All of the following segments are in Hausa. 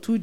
Tun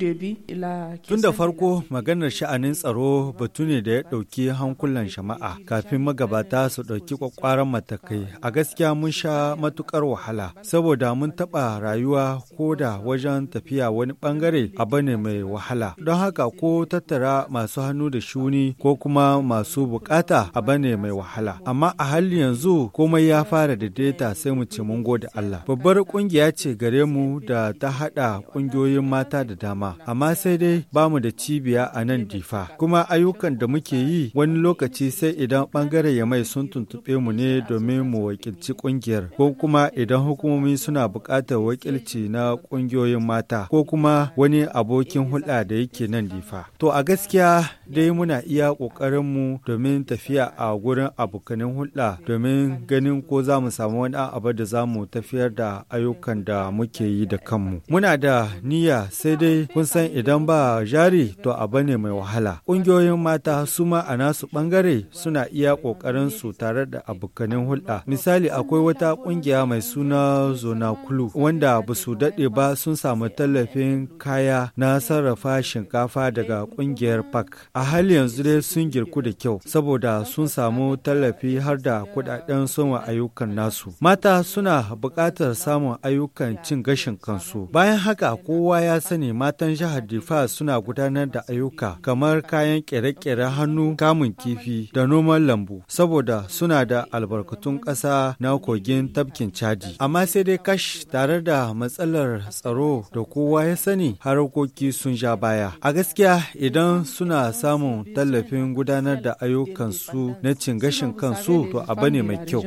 da farko maganar sha'anin tsaro batu ne da ya ɗauki hankulan jama'a. kafin magabata su ɗauki ƙwaƙwaran matakai. A gaskiya mun sha matukar wahala saboda mun taɓa rayuwa ko da wajen tafiya wani ɓangare abu ne mai wahala. Don haka ko tattara masu hannu da shuni ko kuma masu buƙata abu ne mai wahala. Amma a halin yanzu komai ya fara daidaita sai mu ce mun gode Allah. Babbar ƙungiya ce gare mu da ta haɗa ƙungiyoyin mata da da dama, amma sai dai ba mu da cibiya a nan difa. Kuma ayyukan da muke yi wani lokaci sai idan ɓangaren ya mai sun tuntuɓe mu ne domin mu wakilci ƙungiyar, ko kuma idan hukumomi suna buƙatar wakilci na ƙungiyoyin mata, ko kuma wani abokin hulɗa da yake nan difa. To a gaskiya dai muna iya mu domin tafiya a gurin abokanin hulɗa domin ganin ko za mu samu wani abu da za mu tafiyar da ayyukan da muke yi da kanmu. Muna da niyya sai dai dai kun san idan ba jari to abu ne mai wahala. Ƙungiyoyin mata su ma a nasu ɓangare suna iya ƙoƙarin su tare da abokanin hulɗa. Misali akwai wata ƙungiya mai suna Zona Kulu wanda ba su daɗe ba sun samu tallafin kaya na sarrafa shinkafa daga ƙungiyar PAK. A hali yanzu dai sun girku da kyau saboda sun samu tallafi har da kuɗaɗen sama ayyukan nasu. Mata suna buƙatar samun ayyukan cin gashin kansu. Bayan haka kowa ya sani matan jihar Difa suna gudanar da ayyuka kamar kayan kere kere hannu, kamun kifi da noman lambu saboda suna da albarkatun ƙasa na kogin tafkin Chadi. Amma sai dai kash tare da matsalar tsaro da kowa ya sani harkoki sun ja baya. A gaskiya idan suna samun tallafin gudanar da ayyukansu na cin gashin kansu to abu ne mai kyau.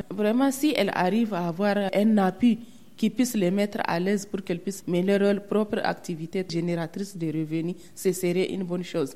qui puisse les mettre à l'aise pour qu'elles puissent mener leur propre activité génératrice de revenus, ce serait une bonne chose.